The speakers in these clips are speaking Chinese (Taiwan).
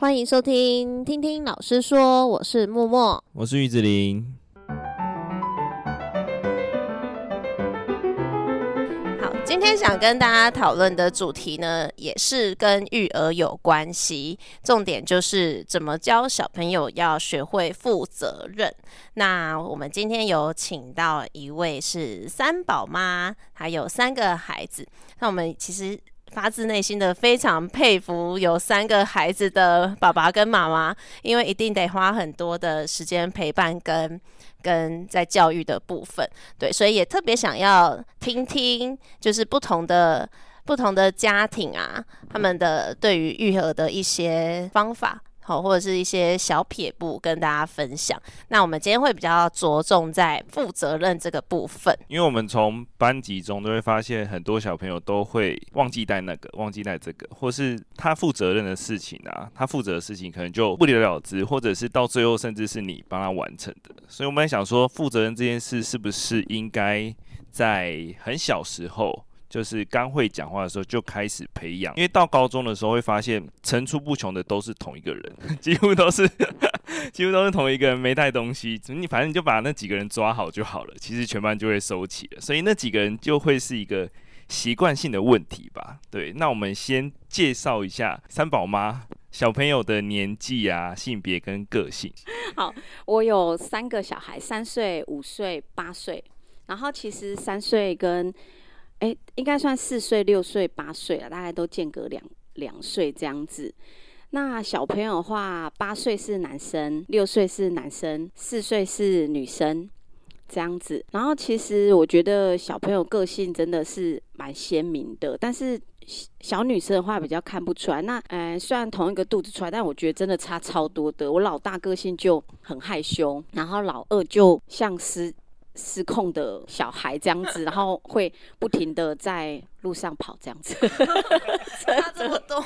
歡迎收聽《聽聽老師說》，我是莫莫，我是魚子陵。好，今天想跟大家討論的主題呢，也是跟育兒有關係，重點就是怎麼教小朋友要學會負責任。那我們今天有請到一位是三寶媽，還有三個孩子。那我們其實，發自內心的非常佩服有三個孩子的爸爸跟媽媽，因為一定得花很多的時間陪伴跟跟在教育的部分，對，所以也特別想要聽聽，就是不同的不同的家庭啊，他們的對於育兒的一些方法。好，或者是一些小撇步跟大家分享。那我們今天會比較着重在負責任這個部分，因為我們從班級中都會發現很多小朋友都會忘記帶那個，忘記帶這個，或是他負責任的事情啊，他負責的事情可能就不了了之，或者是到最後甚至是你幫他完成的。所以我們在想說，負責任這件事是不是應該在很小時候？就是剛會講話的時候就開始培養，因為到高中的時候會發現層出不窮的都是同一個人，幾乎都是，幾乎都是同一個人沒帶東西，你反正你就把那幾個人抓好就好了，其實全班就會收起了。所以那幾個人就會是一個習慣性的問題吧。對，那我們先介紹一下三寶媽小朋友的年紀啊、性別跟個性。好，我有三個小孩，三歲、五歲、八歲，然後其實三歲跟誒、欸，應該算四歲、六歲、八歲了，大概都間隔兩兩歲這樣子。那小朋友的話，八歲是男生，六歲是男生，四歲是女生，這樣子。然後其實我覺得小朋友個性真的是蠻鮮明的，但是小女生的話比較看不出來。那嗯、欸，雖然同一個肚子出來，但我覺得真的差超多的。我老大個性就很害羞，然後老二就像是。失控的小孩這樣子，然後會不停的在路上跑這樣子，差這麼多，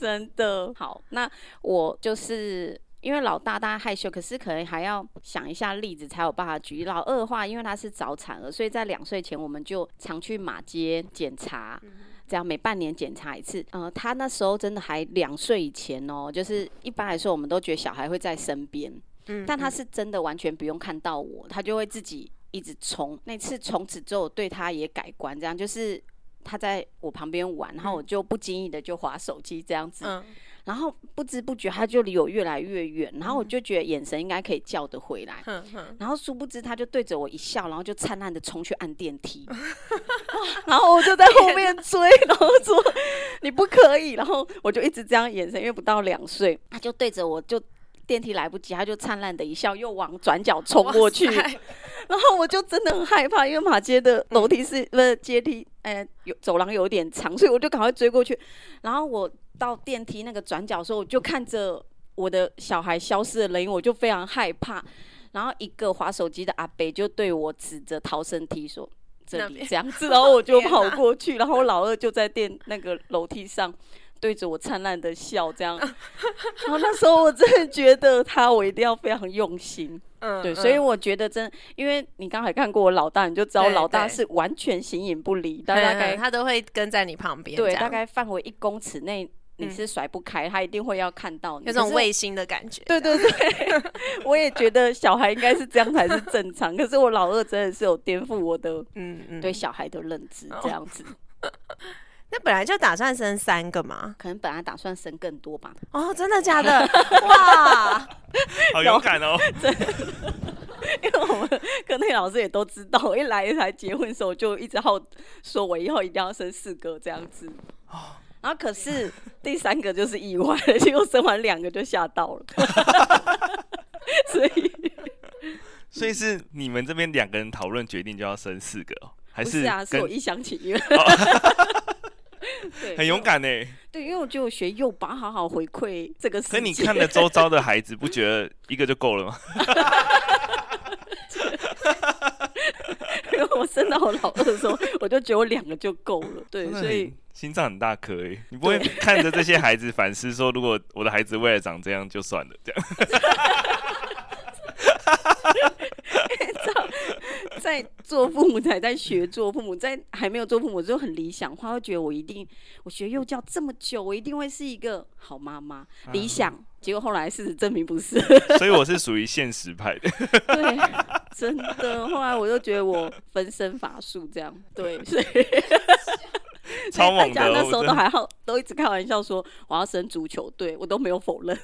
真的。好，那我就是因為老大，大家害羞，可是可能還要想一下例子才有辦法舉。老二的話，因為他是早產兒，所以在兩歲前我們就常去馬偕檢查，嗯、這樣每半年檢查一次。嗯、呃，他那時候真的還兩歲以前哦，就是一般來說我們都覺得小孩會在身邊，嗯嗯，但他是真的完全不用看到我，他就會自己。一直衝，那次從此之後對他也改觀，這樣就是他在我旁邊玩，然後我就不經意的就滑手機這樣子，嗯、然後不知不覺他就離我越來越遠，然後我就覺得眼神應該可以叫得回來，嗯、然後殊不知他就對着我一笑，然後就燦爛的衝去按電梯， 然後我就在後面追， 然後說你不可以，然後我就一直這樣眼神，因為不到兩歲，他就對着我就。電梯來不及，他就燦爛的一笑，又往轉角衝過去。哇塞 然後我就真的很害怕， 因為馬街的樓梯是不階、嗯呃、梯，呃，有走廊有點長，所以我就趕快追過去。然後我到電梯那個轉角的時候，我就看着我的小孩消失的人影，我就非常害怕。然後一個滑手機的阿北就對我指着逃生梯說：“這裡邊這樣子。”然後我就跑過去， 天哪 然後我老二就在電那個樓梯上。對着我燦爛的笑，這樣，然後那時候我真的覺得他，我一定要非常用心 嗯，嗯，對，所以我覺得真，因為你剛才看過我老大，你就知道老大是完全形影不離大概，大概 他都會跟在你旁邊，嗯、旁對，大概範圍一公尺內你是甩不開，嗯、他一定會要看到你，有種衛星的感覺，對對對、嗯，嗯、我也覺得小孩應該是這樣才是正常，可是我老二真的是有顛覆我的，嗯嗯，對小孩的認知這樣子、嗯。嗯哦 那本來就打算生三個嘛，可能本來打算生更多吧。哦，真的假的？ 哇， 好勇敢哦！對， 因為我們跟那些老師也都知道，我一來一來結婚的時候，就一直好說，我以後一定要生四個這樣子。然後可是第三個就是意外，結果 生完兩個就嚇到了。 所以， 所以是你們這邊兩個人討論決定就要生四個哦？還是，是啊，是我一廂情願。對，很勇敢呢、欸。對，因為我就學幼保好好回饋這個事情。所以你看的周遭的孩子，不覺得一個就夠了嗎？ 因為我生到我老二的時候，我就覺得我兩個就夠了。對，所以心臟很大顆、欸。對你不會看着這些孩子反思說，如果我的孩子未來長這樣，就算了，這樣。 在做父母，還在學做父母，在還沒有做父母就很理想化，會覺得我一定，我學幼教這麼久，我一定會是一個好媽媽。嗯、理想，結果後來事實證明不是。所以我是屬於現實派的。 對，真的。後來我就覺得我分身乏術，這樣，對。所以，大家、哦、 那時候都還好，的都一直開玩笑說我要生足球隊，我都沒有否認。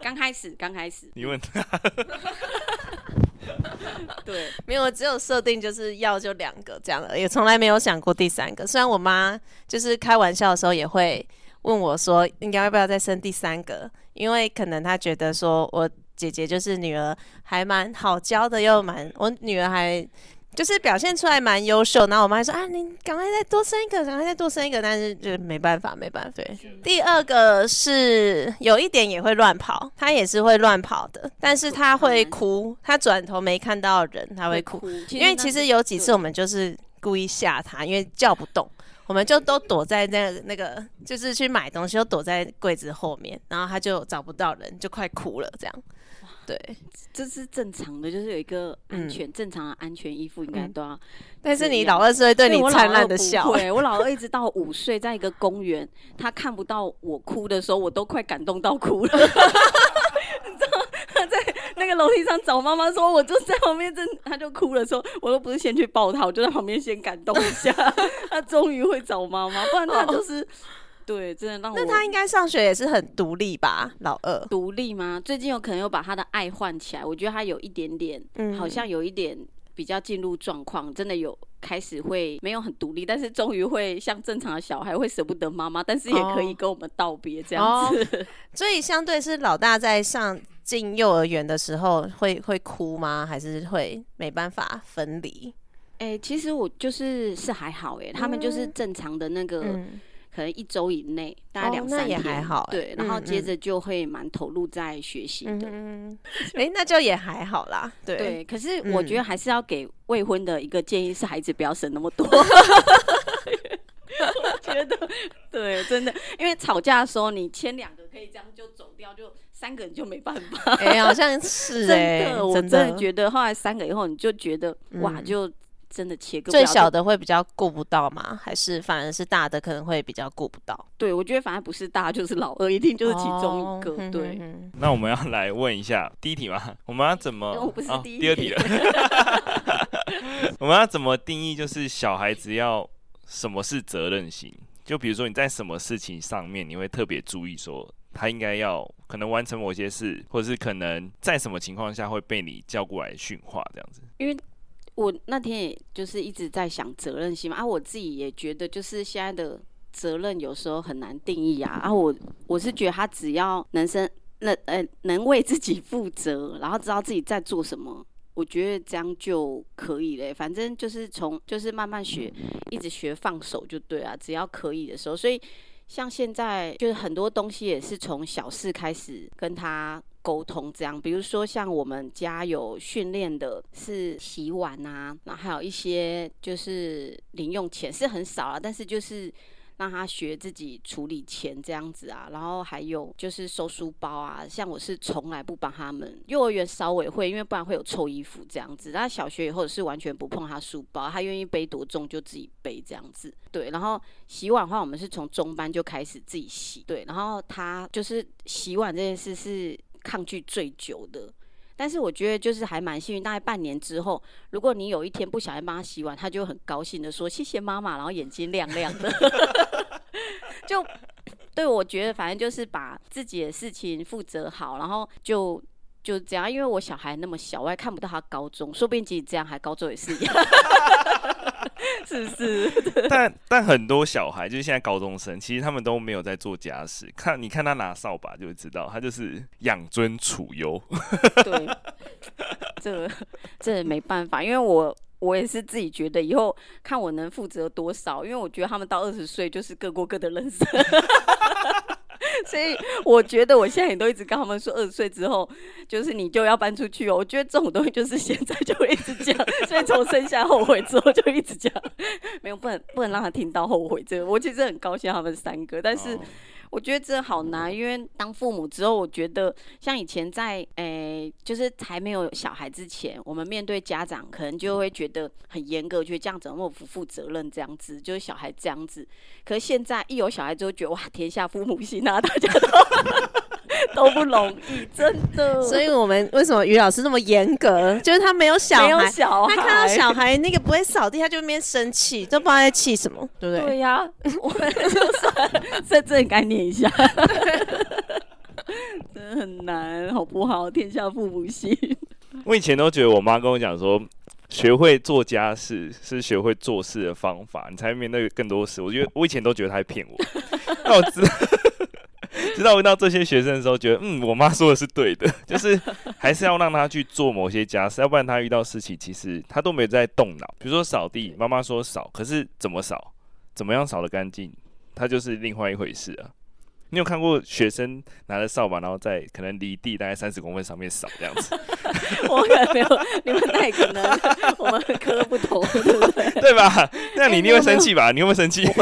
剛 開始，剛開始。你問他。 對，沒有，只有設定就是要就兩個這樣的，也從來沒有想過第三個。雖然我媽就是開玩笑的時候也會問我說，應該要不要再生第三個，因為可能她覺得說我姐姐就是女兒還蠻好教的又，又蠻我女兒還。就是表現出來蠻優秀，然後我媽說啊，你趕快再多生一個，趕快再多生一個，但是就沒辦法，沒辦法。對，第二個是有一點也會亂跑，他也是會亂跑的，但是他會哭，他轉頭沒看到人，他會哭。哭，因為其實有幾次我們就是故意嚇他，因為叫不動，我們就都躲在那個、那個，就是去買東西都躲在櫃子後面，然後他就找不到人，就快哭了這樣。對，這是正常的，就是有一個安全，嗯、正常的安全衣服應該都要，嗯。但是你老二是會對你燦爛的笑，對我， 我老二一直到五歲，在一個公園，他看不到我哭的時候，我都快感動到哭了。你知道他在那個樓梯上找媽媽，說我就在旁邊，真他就哭了，說我都不是先去抱他，我就在旁邊先感動一下。 他終於會找媽媽，不然他就是。Oh. 對，真的讓我。那他應該上學也是很獨立吧，老二獨立嗎？最近有可能又把他的愛換起來，我覺得他有一點點，好像有一點比較進入狀況，嗯、真的有開始會沒有很獨立，但是終於會像正常的小孩會捨不得媽媽，但是也可以跟我們道別這樣子、哦哦。所以相對是老大在上進幼兒園的時候會會哭嗎？還是會沒辦法分離？哎、欸，其實我就是是還好哎、欸，嗯、他們就是正常的那個。嗯可能一週以內，大概兩三天、哦、也還好。對，嗯、然後接着就會蠻投入在學習的，哎、嗯嗯欸，那就也還好啦，對，對。可是我覺得還是要給未婚的一個建議是，孩子不要生那麼多，嗯、 我覺得 對，真的，因為吵架的時候你牽兩個可以這樣就走掉，就三個人就沒辦法，哎、欸，好像是、欸，真的，真的我真的覺得後來三個以後你就覺得、嗯、哇就。真的切割最小的會比較顧不到嗎？還是反而是大的可能會比較顧不到？對，我覺得反而不是大，就是老二，一定就是其中一個。哦、對，嗯嗯嗯、那我們要來問一下第一題嗎？我們要怎麼？我不是第一題，第二題了。 我們要怎麼定義？就是小孩子要什麼是責任心？就比如說你在什麼事情上面你會特別注意，說他應該要可能完成某些事，或者是可能在什麼情況下會被你叫過來訓話這樣子？因為。我那天也就是一直在想責任心嘛，啊，我自己也覺得就是現在的責任有時候很難定義啊，啊我，我我是覺得他只要男生那呃能、欸、能為自己負責，然後知道自己在做什麼，我覺得這樣就可以了、欸，反正就是從就是慢慢學，一直學放手就對啊，只要可以的時候，所以。像現在就是很多東西也是從小事開始跟他溝通，這樣，比如說像我們家有訓練的是洗碗啊，然後還有一些就是零用錢是很少啊，但是就是。讓他學自己處理錢這樣子啊，然後還有就是收書包啊，像我是從來不幫他們。幼兒園稍微會，因為不然會有臭衣服這樣子。那小學以後是完全不碰他書包，他願意背多重就自己背這樣子。對，然後洗碗的話，我們是從中班就開始自己洗。對，然後他就是洗碗這件事是抗拒最久的，但是我覺得就是還蠻幸運，大概半年之後，如果你有一天不小心幫他洗碗，他就很高興的說謝謝媽媽，然後眼睛亮亮的。 就對，我覺得反正就是把自己的事情負責好，然後就就這樣，因為我小孩那麼小，我也看不到他高中，說不定即使這樣還高中也是一樣， 是不是？ 但但很多小孩就是現在高中生，其實他們都沒有在做家事，看你看他拿掃把就會知道，他就是養尊處優。 對，這這沒辦法，因為我。我也是自己覺得以後看我能負責多少，因為我覺得他們到二十歲就是各過各的人生， 所以我覺得我現在也都一直跟他們說，二十歲之後就是你就要搬出去哦。我覺得這種東西就是現在就一直這樣， 所以從生下後悔之後就一直這樣，沒有不能不能讓他聽到後悔這個。我其實很高興他們三個，但是。我覺得這好難，因為當父母之後，我覺得像以前在誒、欸，就是還沒有小孩之前，我們面對家長，可能就會覺得很嚴格，覺得這樣子很不負責任，這樣子就是小孩這樣子。可是現在一有小孩之後，覺得哇，天下父母心啊，大家都。 都不容易，真的。所以，我們為什麼於老師那麼嚴格？ 就是他沒有小孩，沒有小孩，他看到小孩那個不會掃地，他就那邊生氣，都不知道在氣什麼，對不對？對呀、啊，我就算在這裡概念一下， 真的很難，好不好？天下父母心。我以前都覺得我媽跟我講說，學會做家事是學會做事的方法，你才會面對更多事。我覺得我以前都覺得她在騙我，知。 直到遇到這些學生的時候，覺得嗯，我媽說的是對的，就是還是要讓他去做某些家事，要不然他遇到事情，其實他都沒在動腦。比如說掃地，媽媽說掃，可是怎麼掃，怎麼樣掃得乾淨，他就是另外一回事啊。你有看過學生拿着掃把，然後在可能離地大概三十公分上面掃這樣子？ 我可能沒有，你們太可能，我們科不同， 對吧？那你你會生氣吧？你會不會生氣？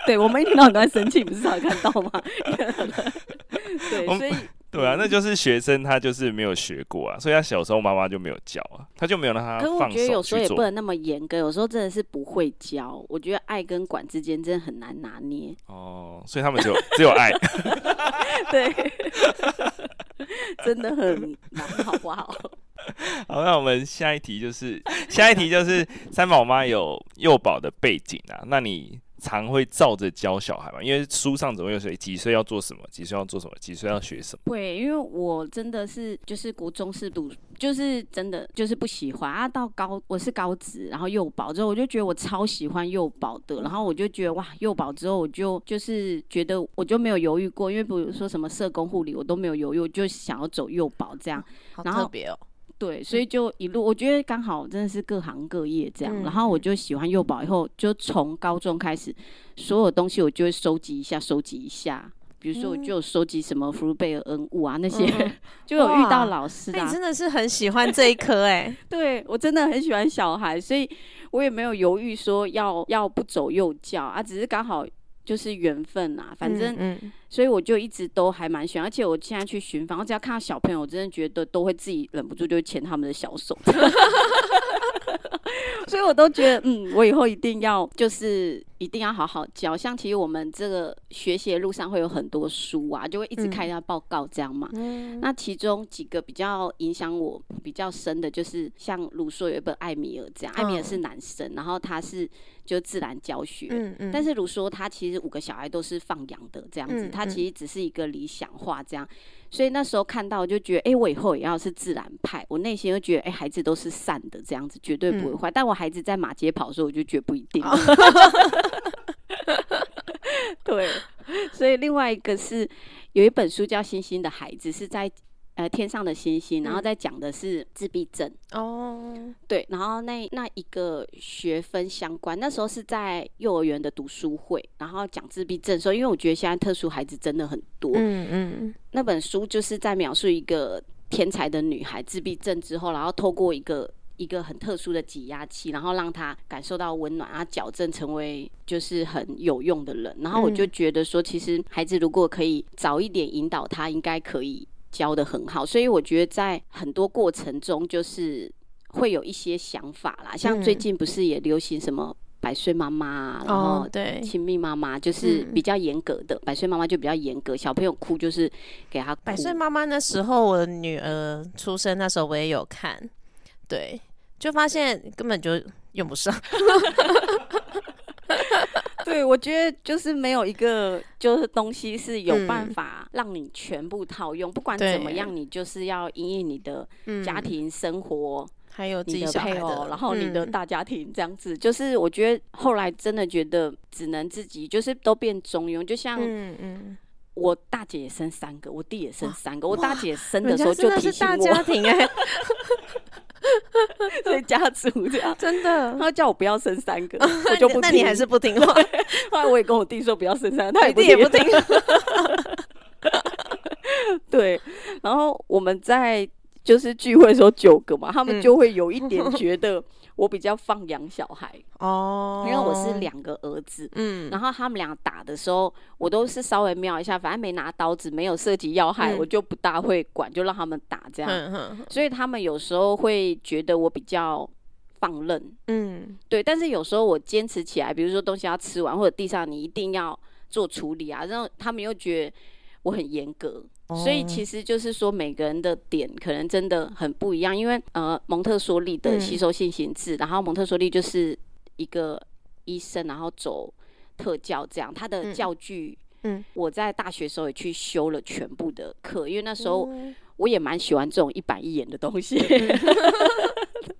對，我沒聽到你在生氣，不是常看到嗎？ 對，所以對啊，那就是學生他就是沒有學過啊，所以他小時候媽媽就沒有教啊，他就沒有讓他放。可我覺得有時候也不能那麼嚴格，有時候真的是不會教。我覺得愛跟管之間真的很難拿捏哦，所以他們就只，只有愛。 對， 真的很難，好不好？ 好，那我們下一題就是，下一題就是三寶媽有幼保的背景啊，那你？常會照着教小孩嘛，因為書上總有說幾歲要做什麼，幾歲要做什麼，幾歲要學什麼。對，因為我真的是就是國中是讀就是真的就是不喜歡啊，到高我是高職，然後幼保之後我就覺得我超喜歡幼保的，然後我就覺得哇，幼保之後我就就是覺得我就沒有猶豫過，因為比如說什麼社工護理我都沒有猶豫，我就想要走幼保這樣。好，然後特別哦。對，所以就一路，我覺得剛好真的是各行各業這樣，嗯、然後我就喜歡幼保，以後就從高中開始，所有東西我就會收集一下，收集一下，比如說我就收集什麼福祿貝爾恩物啊那些，嗯、 就有遇到老師的、啊，欸、你真的是很喜歡這一科、欸，哎， 對我真的很喜歡小孩，所以我也沒有猶豫說要要不走幼教啊，只是剛好就是緣分吶、啊，反正、嗯嗯所以我就一直都還蠻喜歡，而且我現在去巡房，我只要看到小朋友，我真的覺得都會自己忍不住就會牽他們的小手。 所以我都覺得， 嗯，我以後一定要，就是一定要好好教。像其實我們這個學習的路上會有很多書啊，就會一直看一下報告這樣嘛。嗯、那其中幾個比較影響我比較深的，就是像盧梭有一本《艾米爾》這樣，哦，《艾米爾》是男生，然後他是就自然教學。嗯嗯，但是盧梭他其實五個小孩都是放養的這樣子，他、嗯。他其實只是一個理想化這樣，嗯、所以那時候看到我，就覺得，哎、欸，我以後也要是自然派，我內心就覺得，哎、欸，孩子都是善的，這樣子絕對不會壞。嗯、但我孩子在馬街跑的時候，我就覺得不一定。對，所以另外一個是，有一本書叫《星星的孩子》，是在。呃，天上的星星，然後再講的是自閉症哦，嗯、對，然後那那一個學分相關，那時候是在幼兒園的讀書會，然後講自閉症，所以因為我覺得現在特殊孩子真的很多，嗯嗯嗯，嗯，那本書就是在描述一個天才的女孩自閉症之後，然後透過一個一個很特殊的擠壓器，然後讓她感受到溫暖，啊，矯正成為就是很有用的人，然後我就覺得說，嗯、其實孩子如果可以早一點引導他，應該可以。教得很好，所以我覺得在很多過程中，就是會有一些想法啦。像最近不是也流行什麼百歲媽媽，嗯、然後對親密媽媽，就是比較嚴格的、嗯、百歲媽媽就比較嚴格，小朋友哭就是給他哭。百歲媽媽那時候，我的女兒出生那時候，我也有看，對，就發現根本就用不上。 對，我覺得就是沒有一個就是東西是有辦法讓你全部套用，嗯、不管怎麼樣，你就是要因應你的家庭生活，嗯、還有你的配偶，然後你的大家庭這樣子。嗯、就是我覺得後來真的覺得只能自己，就是都變中庸。就像我大姐也生三個，我弟也生三個，哇我大姐生的時候就提醒我，人家是大家庭哎、欸 所以家族這樣， 真的，他叫我不要生三個， 我就不聽。 那你還是不聽話。 後來我也跟我弟說不要生三個， 他一定也不聽。 對，然後我們在就是聚會的時候九個嘛，嗯、他們就會有一點覺得。我比較放養小孩哦，oh, 因為我是兩個兒子，嗯，然後他們倆打的時候，我都是稍微瞄一下，反正沒拿刀子，沒有涉及要害，嗯，我就不大會管，就讓他們打這樣。呵呵。所以他們有時候會覺得我比較放任，嗯，對。但是有時候我堅持起來，比如說東西要吃完，或者地上你一定要做處理啊，然後他們又覺得我很嚴格。所以其實就是說，每個人的點可能真的很不一樣，因為呃，蒙特梭利的吸收性心智，嗯、然後蒙特梭利就是一個醫生，然後走特教這樣，他的教具，嗯，我在大學時候也去修了全部的課，因為那時候我也蠻喜歡這種一板一眼的東西。嗯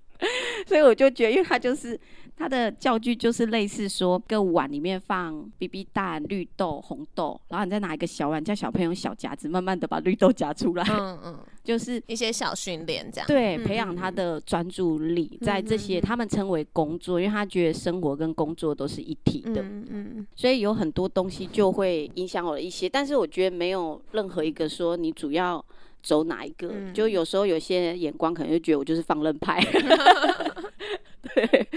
所以我就覺得，因為他就是他的教具，就是類似說，個碗裡面放 BB 蛋、綠豆、紅豆，然後你再拿一個小碗，叫小朋友小夾子，慢慢的把綠豆夾出來。嗯嗯，嗯，就是一些小訓練這樣。對，培養他的專注力，嗯、在這些他們稱為工作，嗯、因為他覺得生活跟工作都是一體的。嗯嗯，所以有很多東西就會影響我的一些，但是我覺得沒有任何一個說你主要走哪一個，嗯、就有時候有些眼光可能就覺得我就是放任派。 對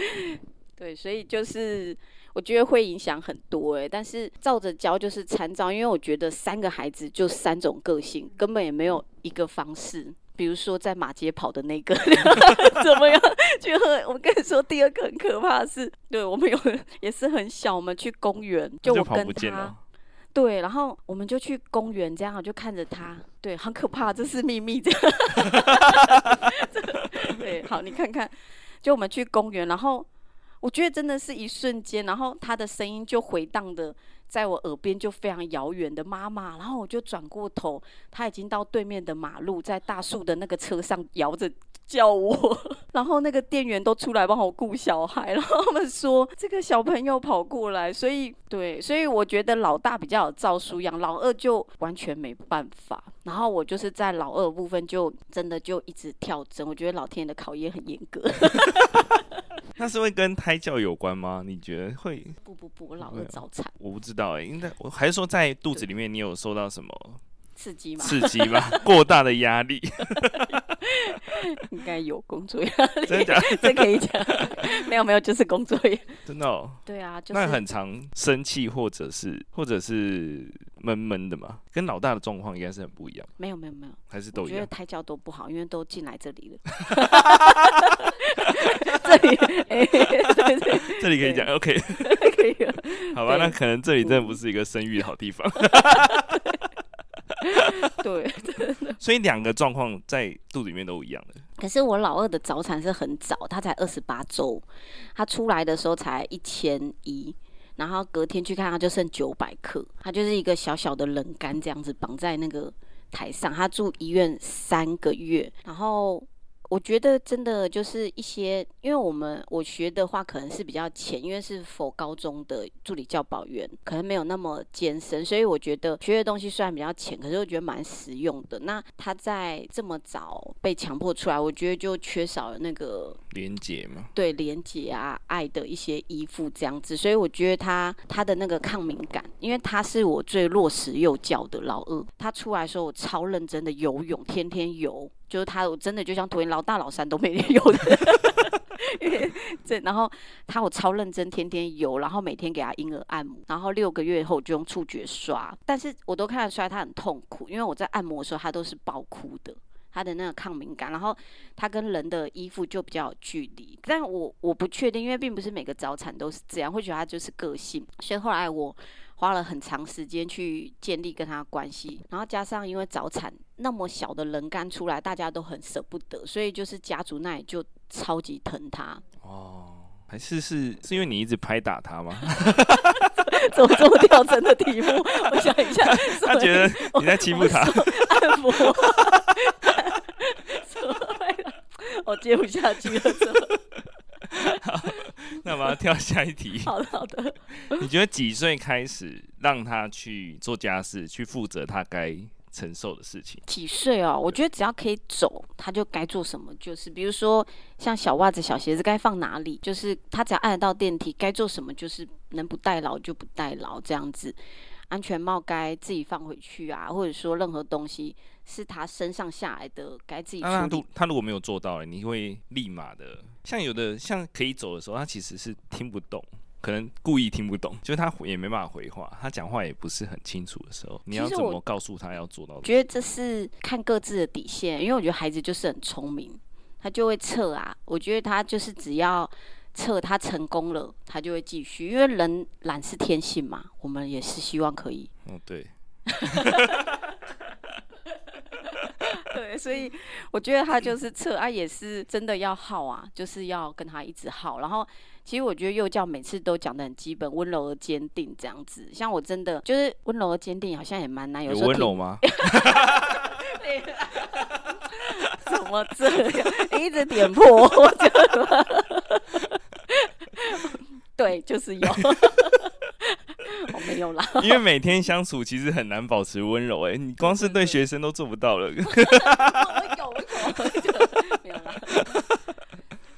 對，所以就是我覺得會影響很多哎、欸，但是照着教就是參照，因為我覺得三個孩子就三種個性，根本也沒有一個方式。比如說在馬街跑的那個 怎麼樣去喝？我跟你說，第二個很可怕的是，對我們有也是很小，我們去公園，就我跟他，就跑不見了，對，然後我們就去公園，這樣就看着他，對，很可怕，這是秘密這樣， 對，好，你看看。就我們去公園，然後我覺得真的是一瞬間，然後他的聲音就回蕩的在我耳邊，就非常遙遠的媽媽。然後我就轉過頭，他已經到對面的馬路，在大樹的那個車上搖着。叫我，然後那個店員都出來幫我顧小孩，然後他們說這個小朋友跑過來，所以對，所以我覺得老大比較有照書養，老二就完全沒辦法。然後我就是在老二部分就真的就一直跳針，我覺得老天爺的考驗很嚴格。 那是會跟胎教有關嗎？你覺得會？不不不，我老二早產，我，我不知道哎、欸，應該我還是說在肚子裡面你有收到什麼？對 刺激嗎？刺激吧？過大的壓力，應該有工作壓力，真的假的？這可以講，沒有沒有，就是工作壓力，真的哦。對啊，那很常生氣，或者是或者是悶悶的嘛，跟老大的狀況應該是很不一樣。沒有沒有沒有，還是都有。覺得胎教都不好，因為都進來這裡了。這裡這裡可以講，OK，可以了。好吧，那可能這裡真的不是一個生育的好地方。 對，真的， 所以兩個狀況在肚子裡面都一樣的。可是我老二的早產是很早，他才二十八周，他出來的時候才一千一，然後隔天去看他就剩九百克，他就是一個小小的冷乾這樣子綁在那個台上，他住醫院三個月，然後。我覺得真的就是一些，因為我們我學的話可能是比較淺，因為是否高中的助理教保員，可能沒有那麼艱深，所以我覺得學的東西雖然比較淺，可是我覺得蠻實用的。那他在這麼早被強迫出來，我覺得就缺少了那個連結嘛，對連結啊，愛的一些依附這樣子，所以我覺得他他的那個抗敏感，因為他是我最落實幼教的老二，他出來的時候我超認真的游泳，天天游。就是他，我真的就像昨天老大老三都沒游泳， 因為這，然後他我超認真，天天游，然後每天給他嬰兒按摩，然後六個月後就用觸覺刷，但是我都看得出來他很痛苦，因為我在按摩的時候他都是爆哭的，他的那個抗敏感，然後他跟人的衣服就比較有距離，但我我不確定，因為並不是每個早產都是這樣，會覺得他就是個性，所以後來我。花了很長時間去建立跟他關係，然後，加上因為早產那麼小的人干出來，大家都很捨不得，所以就是家族內就超級疼他。哦，還是是是因為你一直拍打他嗎？ 怎麼這麼刁鑽的題目？ 我想一下。我他覺得你在欺負他。按 摩。 我接不下去了。 那我們要跳下一題。好的，好的。你覺得幾歲開始讓他去做家事，去負責他該承受的事情？幾歲哦？對我覺得只要可以走，他就該做什麼？就是比如說像小襪子、小鞋子該放哪裡？就是他只要按得到電梯，該做什麼？就是能不代勞就不代勞。這樣子。安全帽該自己放回去啊，或者說任何東西。是他身上下來的，該自己。他、啊、他如果沒有做到，欸，你會立馬的。像有的像可以走的時候，他其實是聽不懂，可能故意聽不懂，就是他也沒辦法回話，他講話也不是很清楚的時候，實你要怎麼告訴他要做到？我覺得這是看各自的底線，因為我覺得孩子就是很聰明，他就會測啊。我覺得他就是只要測他成功了，他就會繼續，因為人懶是天性嘛，我們也是希望可以。嗯、哦，對。 所以我覺得他就是測，啊也是真的要耗啊，就是要跟他一直耗。然後其實我覺得幼教每次都講的很基本，溫柔而堅定這樣子。像我真的就是溫柔而堅定，好像也蠻難。有時候溫柔嗎？什 麼這樣？你一直點破我？覺得。 對，就是有。 沒有啦，因為每天相處其實很難保持溫柔哎、欸、你光是對學生都做不到了。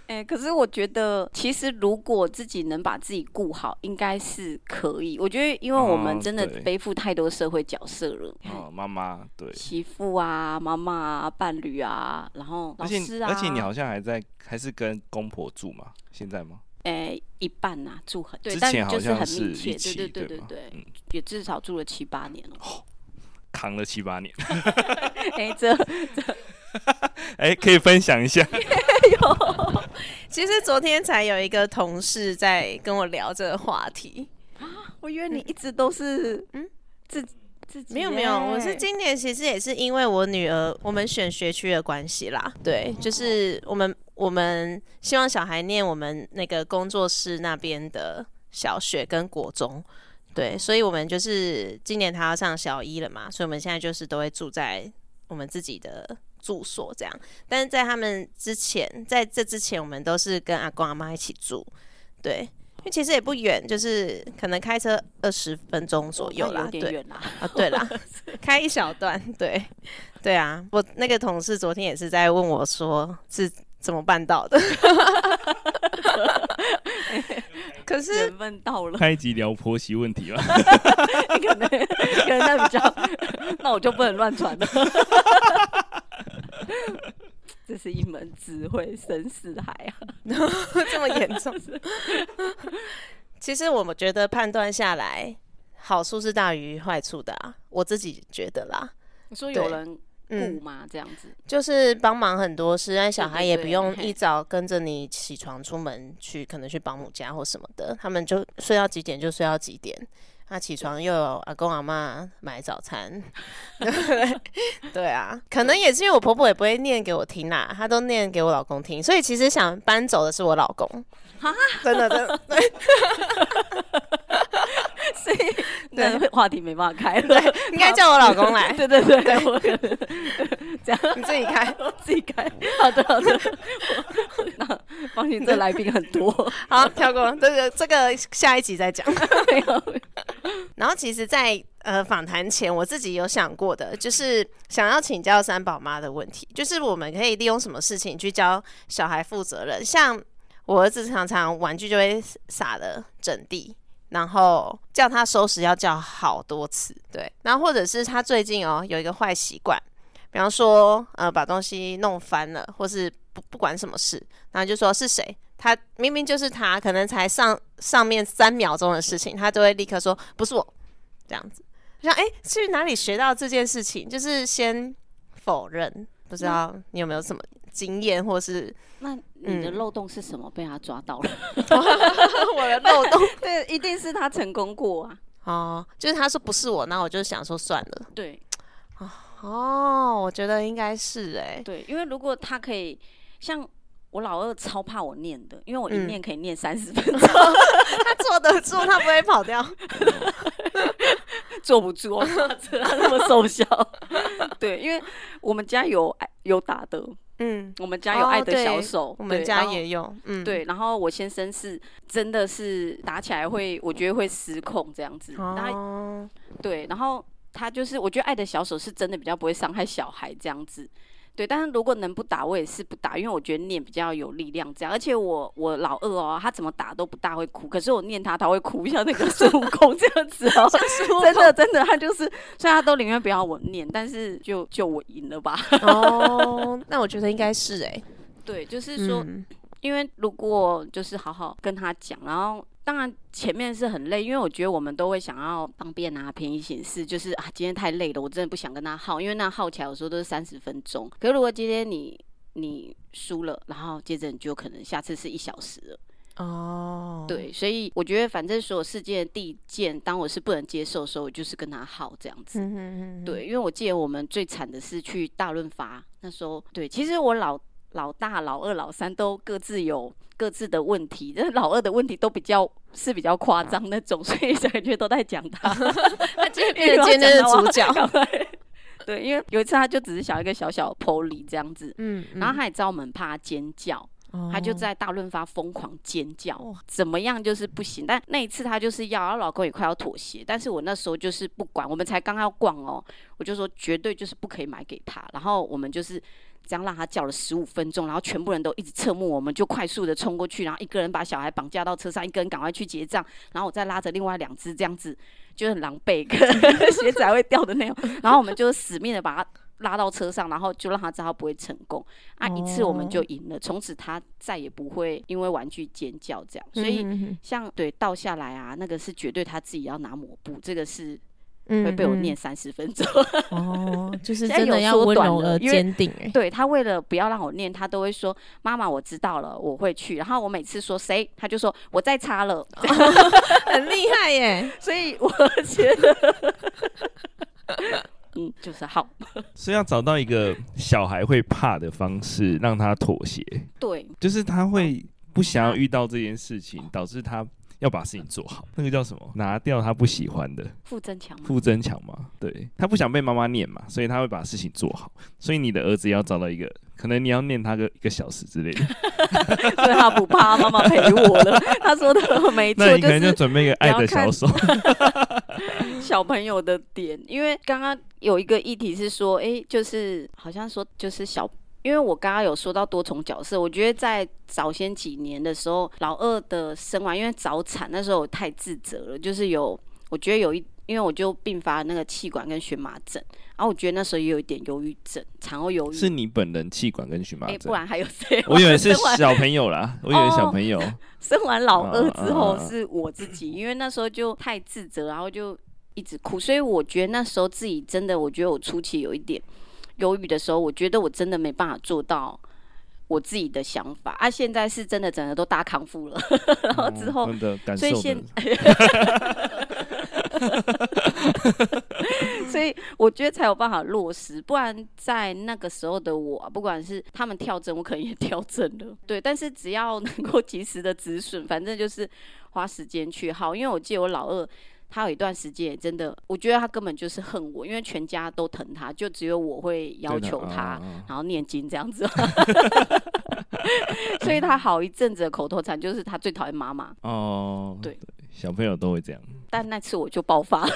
哎、 欸，可是我覺得，其實如果自己能把自己顧好，應該是可以。我覺得，因為我們真的背負太多社會角色了。哦，媽媽，對，媳婦啊，媽媽啊，伴侶啊，然後老師啊。而且，而且你好像還在，還是跟公婆住嗎？現在嗎？哎、欸，一半吶、啊，住很對，但是就是很密切，對對對對對，對吧，也至少住了七八年了，哦、扛了七八年，哎、 欸、這，哎、欸、可以分享一下 yeah,，其實昨天才有一個同事在跟我聊這個話題 我以為你一直都是嗯自。嗯沒有沒有，我是今年其實也是因為我女兒，我們選學區的關係啦，對，就是我們我們希望小孩念我們那個工作室那邊的小學跟國中，對，所以我們就是今年他要上小一了嘛，所以我們現在就是都會住在我們自己的住所這樣，但是在他們之前，在這之前我們都是跟阿公阿嬤一起住，對。其實也不遠，就是可能開車二十分鐘左右啦。對，有點遠啦，對 啊對啦，開一小段。對，對啊，我那個同事昨天也是在問我說，說是怎麼辦到的。可是緣分到了，開集聊婆媳問題了。 你可能跟人家比較， 那我就不能亂傳了。 這是一門智慧生死海啊。 這麼嚴重 其實我們覺得判斷下來，好處是大於壞處的啊，我自己覺得啦。你說有人顧嗎？嗯、這樣子就是幫忙很多事，但小孩也不用一早跟着你起床出門去，可能去保姆家或什麼的，他們就睡到幾點就睡到幾點。他起床又有阿公阿媽買早餐， 對，對啊， 可能也是因為我婆婆也不會念給我聽啦、啊，她都念給我老公聽，所以其實想搬走的是我老公，蛤真的真的。 對 對，話題沒辦法開了，應該叫我老公來。對對對，這樣你自己開，我自己開。好的，好的，這來賓很多。好，跳過這個，這個下一集再講。沒有。然後，其實，在呃訪談前，我自己有想過的，就是想要請教三寶媽的問題，就是我們可以利用什麼事情去教小孩負責任？像我兒子常常玩具就會撒的整地。然後叫他收拾，要叫好多次，對。然後或者是他最近哦有一個壞習慣，比方說呃把東西弄翻了，或是不不管什麼事，然後就說是誰？他明明就是他，可能才上上面三秒鐘的事情，他就會立刻說不是我，這樣子。像，想哎，是哪裡學到這件事情？就是先否認，不知道你有沒有什麼？經驗，或是那你的漏洞是什麼？被他抓到了， 我的漏洞對，一定是他成功過啊！哦，就是他說不是我，那我就想說算了。對，哦，我覺得應該是哎、欸，對，因為如果他可以像我老二，超怕我念的，因為我一念可以念三十分鐘，嗯、 他坐得住，他不會跑掉， 坐不住、啊，他那、啊、 麼瘦小， 對，因為我們家有有打的。嗯，我們家有愛的小手，oh, 對，對，我們家也有。然後，嗯，對，然後我先生是真的是打起來會，我覺得會失控這樣子。哦，對，然後他就是，我覺得愛的小手是真的比較不會傷害小孩這樣子。對，但是如果能不打，我也是不打，因為我覺得念比較有力量，這樣。而且我我老二哦，他怎麼打都不大會哭，可是我念他，他會哭，像那個孫悟空這樣子哦， 空真的真的，他就是，雖然他都寧願不要我念，但是就就我贏了吧。哦，oh, 那我覺得應該是哎、欸，對，就是說，嗯、因為如果就是好好跟他講，然後。當然，前面是很累，因為我覺得我們都會想要方便啊、便宜行事，就是啊，今天太累了，我真的不想跟他耗，因為那耗起來有時候都是三十分鐘。可是如果今天你你輸了，然後接着你就可能下次是一小時了。哦，oh. 對，所以我覺得反正所有事件第一件，當我是不能接受的時候，我就是跟他耗這樣子。嗯，對，因為我記得我們最慘的是去大潤發，那時候對，其實我老。老大、老二、老三都各自有各自的問題，老二的問題都比較是比較誇張那種，所以感覺都在講他，他就變成今天的主角 。對，因為有一次他就只是小一個小小的玻璃這樣子，嗯，嗯，然後他也知道我們怕尖叫，他就在大潤發瘋狂尖叫，哦、怎麼樣就是不行。但那一次他就是要，老公也快要妥協，但是我那時候就是不管，我們才剛要逛，哦、喔，我就說絕對就是不可以買給他，然後我們就是。這樣讓他叫了十五分鐘，然後全部人都一直側目，我們就快速的衝過去，然後一個人把小孩綁架到車上，一個人趕快去結賬，然後我再拉着另外兩隻這樣子，就很狼狽，鞋子 還會掉的那種。 然後我們就死命的把他拉到車上，然後就讓他知道他不會成功。啊，一次我們就贏了，從此他再也不會因為玩具尖叫這樣。所以像對倒下來啊，那個是絕對他自己要拿抹布，這個是。嗯、會被我念三十分鐘哦，就是真的要溫柔而堅定。對，他為了不要讓我念，他都會說：“媽媽，媽媽我知道了，我會去。”然後我每次說“誰”，他就說：“我再擦了。”哦、 很厲害耶！所以我覺得， 嗯，就是好。所以要找到一個小孩會怕的方式，讓他妥協。對，就是他會不想要遇到這件事情，導致他。要把事情做好，啊、那個叫什麼？拿掉他不喜歡的負增強，負增強嘛？對，他不想被媽媽念嘛，所以他會把事情做好。所以你的兒子也要找到一個，可能你要念他個一個小時之類的。所以他不怕媽媽陪我的。 他說的沒錯。那你可能就準備一個愛的小手，要 小朋友的點。因為剛剛有一個議題是說，哎、欸，就是好像說就是小。因為我剛剛有說到多重角色，我覺得在早先幾年的時候，老二的生完，因為早產，那時候我太自責了，就是有，我覺得有一，因為我就併發那個氣管跟蕁麻疹，然後、啊我覺得那時候也有一點憂鬱症，產後憂鬱。是你本人氣管跟蕁麻疹？欸，不然還有誰？我以為是小朋友啦， 我以為小朋友。哦。生完老二之後是我自己，啊啊啊因為那時候就太自責，然後就一直哭，所以我覺得那時候自己真的，我覺得我初期有一點。猶豫的時候，我覺得我真的沒辦法做到我自己的想法啊！現在是真的整個都大康復了，哦、 然後之後，的所以現， 所以我覺得才有辦法落實，不然在那個時候的我，不管是他們跳針，我可能也跳針了。對，但是只要能夠及時的止損，反正就是花時間去好，因為我記得我老二。他有一段時間真的，我覺得他根本就是恨我，因為全家都疼他，就只有我會要求他，哦哦、然後念經這樣子。 所以他好一陣子的口頭禪就是他最討厭媽媽。哦，對，對，小朋友都會這樣。但那次我就爆發了。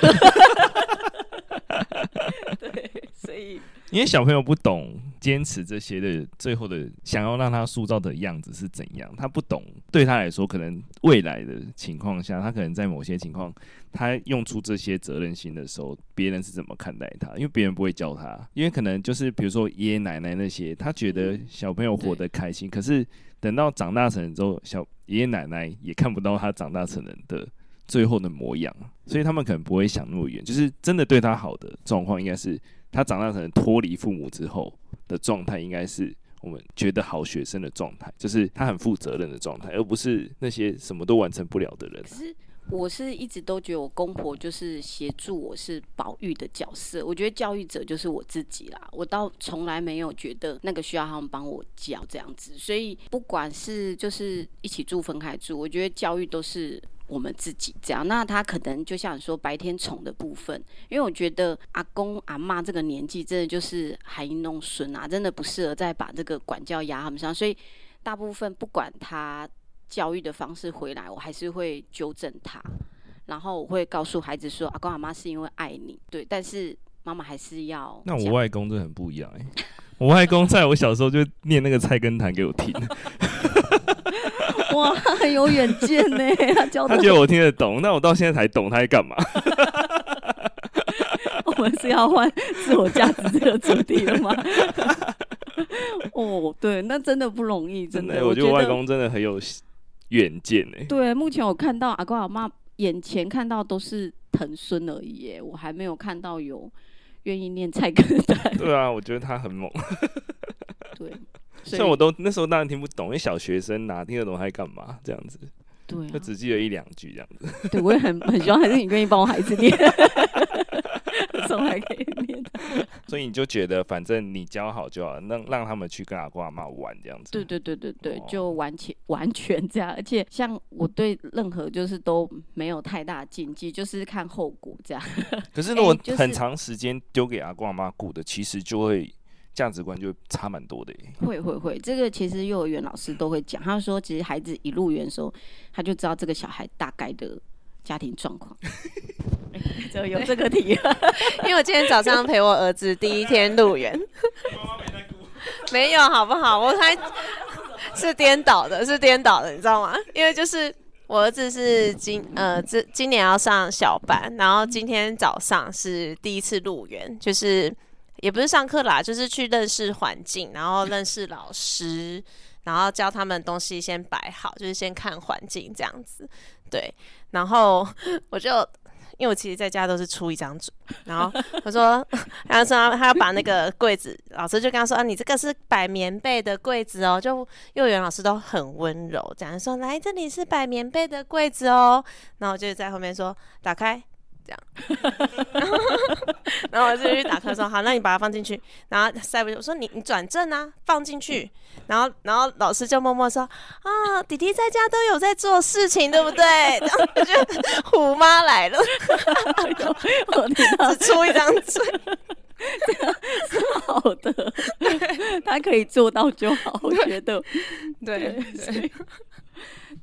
對，所以因為小朋友不懂。堅持這些的最後的想要讓他塑造的樣子是怎樣？他不懂，對他來說，可能未來的情況下，他可能在某些情況，他用出這些責任心的時候，別人是怎麼看待他？因為別人不會教他，因為可能就是比如說爺爺奶奶那些，他覺得小朋友活得開心，可是等到長大成人之後，小爺爺奶奶也看不到他長大成人的最後的模樣，所以他們可能不會想那麼遠。就是真的對他好的狀況，應該是他長大成人脫離父母之後，的狀態應該是我們覺得好學生的狀態，就是他很負責任的狀態，而不是那些什麼都完成不了的人，啊。可是我是一直都覺得我公婆就是協助我是保育的角色，我覺得教育者就是我自己啦。我倒從來沒有覺得那個需要他們幫我教這樣子，所以不管是就是一起住分開住，我覺得教育都是我們自己這樣，那他可能就像你說白天寵的部分，因為我覺得阿公阿媽這個年紀真的就是含飴弄孫啊，真的不適合再把這個管教壓他們上，所以大部分不管他教育的方式回來，我還是會糾正他，然後我會告訴孩子說阿公阿媽是因為愛你，對，但是媽媽還是要。那我外公就很不一樣、欸、 我外公在我小時候就念那個《菜根譚》給我聽。 哇，很有遠見呢！他教的我聽得懂，那我到現在才懂他在幹嘛。 我們是要換自我價值這個主題了嗎？ 哦，對，那真的不容易，真的。真的我覺得外公真的很有遠見呢。對，我覺得外公真的很有遠見耶。對，目前我看到阿公阿媽眼前看到都是疼孫而已耶，我還沒有看到有願意念菜根譚。 對啊，我覺得他很猛。 對，所以，所以我都那時候當然聽不懂，因為小學生哪、啊、聽得懂還幹嘛這樣子？對、啊，就只記得一兩句這樣子。對，我也很很希望，還是你願意幫我孩子念，總 還可以念。所以你就覺得，反正你教好就好，那讓，讓他們去跟阿公阿媽玩這樣子。對對對對對，哦、就完全完全這樣，而且像我對任何就是都沒有太大禁忌，就是看後果這樣。可是我、欸就是、很長時間丟給阿公阿媽顧的，其實就會。價值觀就差蠻多的，會會會，這個其實幼兒園老師都會講，他說其實孩子一入園的時候，他就知道這個小孩大概的家庭狀況。 有，有這個題， 因為我今天早上陪我兒子第一天入園，媽媽 沒在過 沒有好不好？我 是顛倒的，是顛倒的，你知道嗎？因為就是我兒子是今呃，這今年要上小班，然後今天早上是第一次入園，就是。也不是上課啦，就是去認識環境，然後認識老師，然後教他們東西先擺好，就是先看環境這樣子，對。然後我就，因為我其實在家都是出一張嘴，然後他說， 然後說他說他要把那個櫃子，老師就跟他說，啊，你這個是擺棉被的櫃子哦。就幼兒園老師都很溫柔，講說，來這裡是擺棉被的櫃子哦。然後我就在後面說，打開。 然，後然後我就去打瞌睡。 好，那你把它放進去，然後塞不我說你，你轉正啊，放進去。然後，然後老師就默默說：“啊，弟弟在家都有在做事情，對不對？”然後我就虎媽來了，我 只出一張嘴，好的，他可以做到就好，我覺得，對對。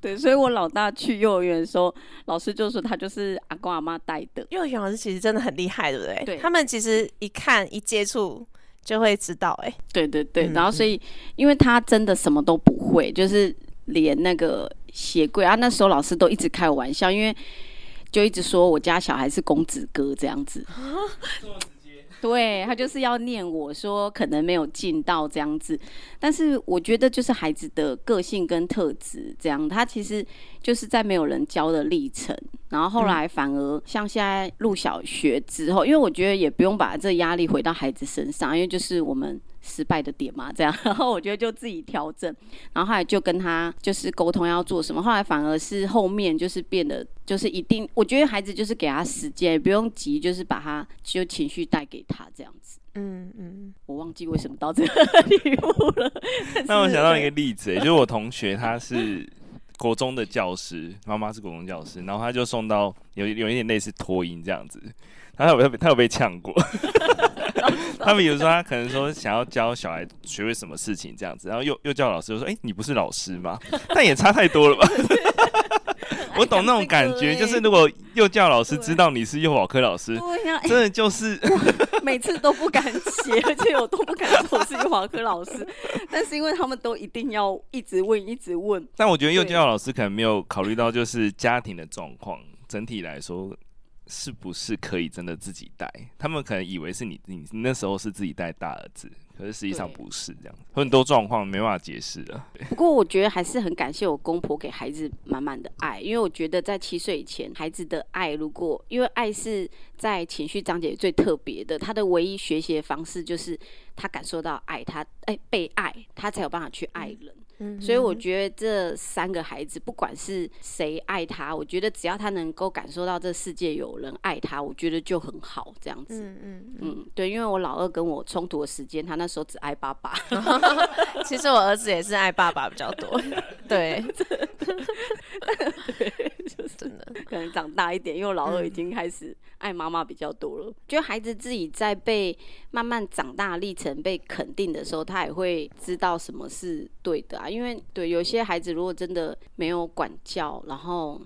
對，所以我老大去幼兒園的時候，老師就說他就是阿公阿媽帶的。幼兒園老師其實真的很厲害，對不對？對，他們其實一看一接觸就會知道、欸，哎，對對對。然後所以，嗯、因為他真的什麼都不會，就是連那個鞋櫃啊，那時候老師都一直開玩笑，因為就一直說我家小孩是公子哥這樣子。對，他就是要念我說可能沒有盡到這樣子，但是我覺得就是孩子的個性跟特質這樣，他其實就是在沒有人教的歷程，然後後來反而像現在入小學之後，因為我覺得也不用把這壓力回到孩子身上，因為就是我們。失敗的點嘛，這樣，然後我覺得就自己調整，然後後來就跟他就是溝通要做什麼，後來反而是後面就是變得就是一定，我覺得孩子就是給他時間，不用急，就是把他就情緒帶給他這樣子。嗯嗯，嗯，我忘記為什麼到這個地步了。 但是 那我想到一個例子， 就是我同學他是國中的教師，媽媽 是國中教師，然後他就送到有有一點類似托嬰，這樣子，他有他有被嗆過。 他們比如說，他可能說想要教小孩學會什麼事情這樣子，然後幼幼教老師又說：“哎，你不是老師嗎？但也差太多了吧？”我懂那種感覺，就是如果幼教老師知道你是幼保科老師，真的就是每次都不敢寫，而且我都不敢說我是幼保科老師。但是因為他們都一定要一直問，一直問。但我覺得幼教老師可能沒有考慮到，就是家庭的狀況整體來說。是不是可以真的自己帶？他們可能以為是你，你那時候是自己帶大兒子，可是實際上不是這樣對很多狀況沒辦法解釋了。不過我覺得還是很感謝我公婆給孩子滿滿的愛，因為我覺得在七歲以前，孩子的愛如果因為愛是在情緒章節最特別的，他的唯一學習的方式就是他感受到愛，他哎、欸、被愛，他才有辦法去愛人。嗯 所以我覺得這三個孩子，不管是誰愛他，我覺得只要他能夠感受到這世界有人愛他，我覺得就很好。這樣子，嗯嗯對。因為我老二跟我衝突的時間，他那時候只愛爸爸。 其實我兒子也是愛爸爸比較多。 對，對，就是真的。可能長大一點，因為我老二已經開始愛媽媽比較多了。就孩子自己在被慢慢長大歷程被肯定的時候，他也會知道什麼是對的。因為對有些孩子，如果真的沒有管教，然後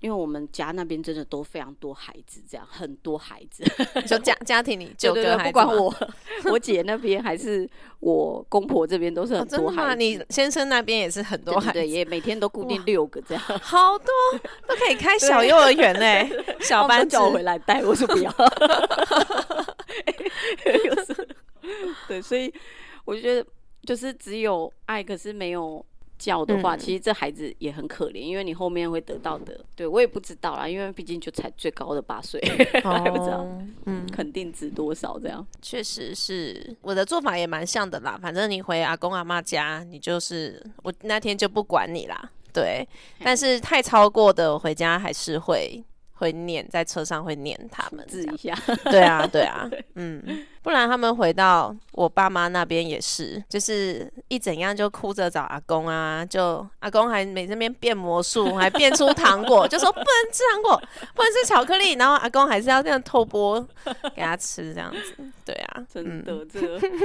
因為我們家那邊真的都非常多孩子，這樣很多孩子，就家 家，家庭裡九個，不管我， 我姐那邊還是我公婆這邊都是很多孩子。啊、你先生那邊也是很多孩子，對，也每天都固定六個這樣，好多都可以開小幼兒園呢對小班叫我回來帶我就不要。 對，所以我覺得。就是只有愛，可是沒有教的話，嗯、其實這孩子也很可憐。因為你後面會得到的，對，我也不知道啦，因為畢竟就才最高的八歲，oh, 還不知道，嗯，肯定值多少這樣？確實是，我的做法也蠻像的啦。反正你回阿公阿媽家，你就是我那天就不管你啦。對，嗯、但是太超過的，我回家還是會。會念，在車上會念他們，治一下。對啊，對啊， 對嗯，不然他們回到我爸媽那邊也是，就是一怎樣就哭着找阿公啊，就阿公還沒這邊變魔術，還變出糖果， 就說不能吃糖果，不能吃巧克力，然後阿公還是要這樣偷剝，給他吃，這樣子。對啊，真的，嗯、這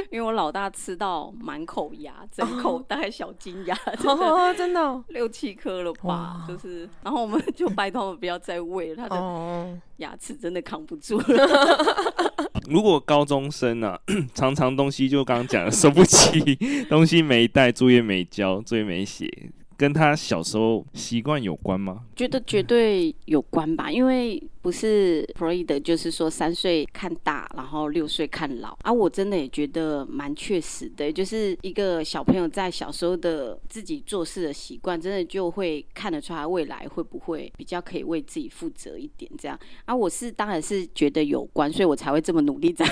因為我老大吃到滿口牙，整口袋小金牙、哦的，真的，哦、六七顆了吧？哇就是，然後我們就拜託不要再餵了。他的牙齒真的扛不住了。Oh. 如果高中生啊，常常東西就剛剛講的收不起， 東西沒帶，作業沒交，作業沒寫，跟他小時候習慣有關嗎？覺得絕對有關吧，因為。不是 p r o i 就是說，三歲看大，然後六歲看老。啊，我真的也覺得蠻確實的，就是一個小朋友在小時候的自己做事的習慣，真的就會看得出來未來會不會比較可以為自己負責一點。這樣，啊，我是當然是覺得有關，所以我才會這麼努力在。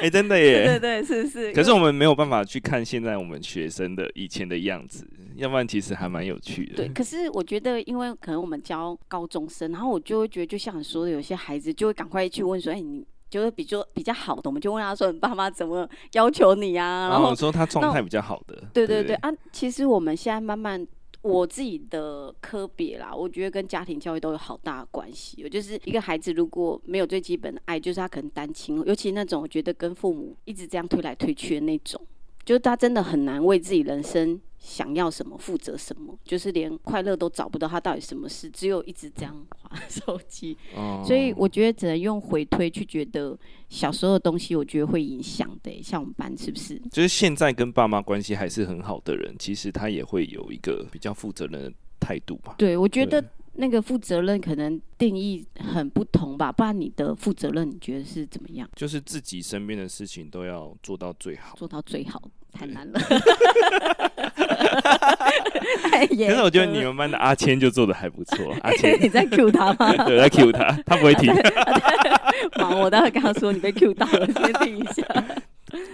哎，真的耶， 對對對，是是。可是我們沒有辦法去看現在我們學生的以前的樣子。要不然其實還蠻有趣的。對， 可是我覺得，因為可能我們教高中生，然後我就會覺得，就像你說的，有些孩子就會趕快去問說：“哎、欸，你覺得比較比較好的，我們就問他說，你爸媽怎麼要求你呀、啊？”然後，然後說他狀態比較好的。我對對對，對，對，對，對啊，其實我們現在慢慢，我自己的科別啦，我覺得跟家庭教育都有好大的關係。就是一個孩子如果沒有最基本的愛，就是他可能單親，尤其那種我覺得跟父母一直這樣推來推去的那種，就是他真的很難為自己人生。想要什麼，負責什麼，就是連快樂都找不到，他到底什麼事？只有一直這樣滑手機，哦。所以我覺得只能用回推去覺得小時候的東西，我覺得會影響的。像我們班是不是？就是現在跟爸媽關係還是很好的人，其實他也會有一個比較負責任的態度吧。對，我覺得那個負責任可能定義很不同吧。不然你的負責任，你覺得是怎麼樣？就是自己身邊的事情都要做到最好。做到最好太難了。 可是我覺得你們班的阿謙就做得還不錯。 阿謙 謙， 你在 Cue 他嗎？ 對，在 Cue 他，他不會停。 忙，我待會跟他說你被 Cue 到了，先聽一下。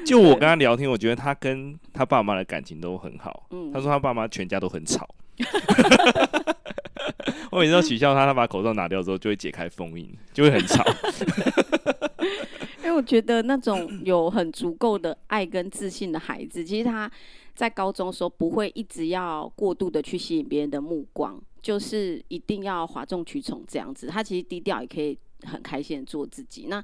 就我跟他聊天，我覺得他跟他爸媽的感情都很好。嗯。他說他爸媽全家都很吵。我每次都取笑, 他，他把口罩拿掉之後就會解開封印， 就會很吵。 因為我覺得那種有很足夠的愛跟自信的孩子，其實他。在高中時候不會一直要過度的去吸引別人的目光，就是一定要嘩眾取寵這樣子。他其實低調也可以很開心的做自己。那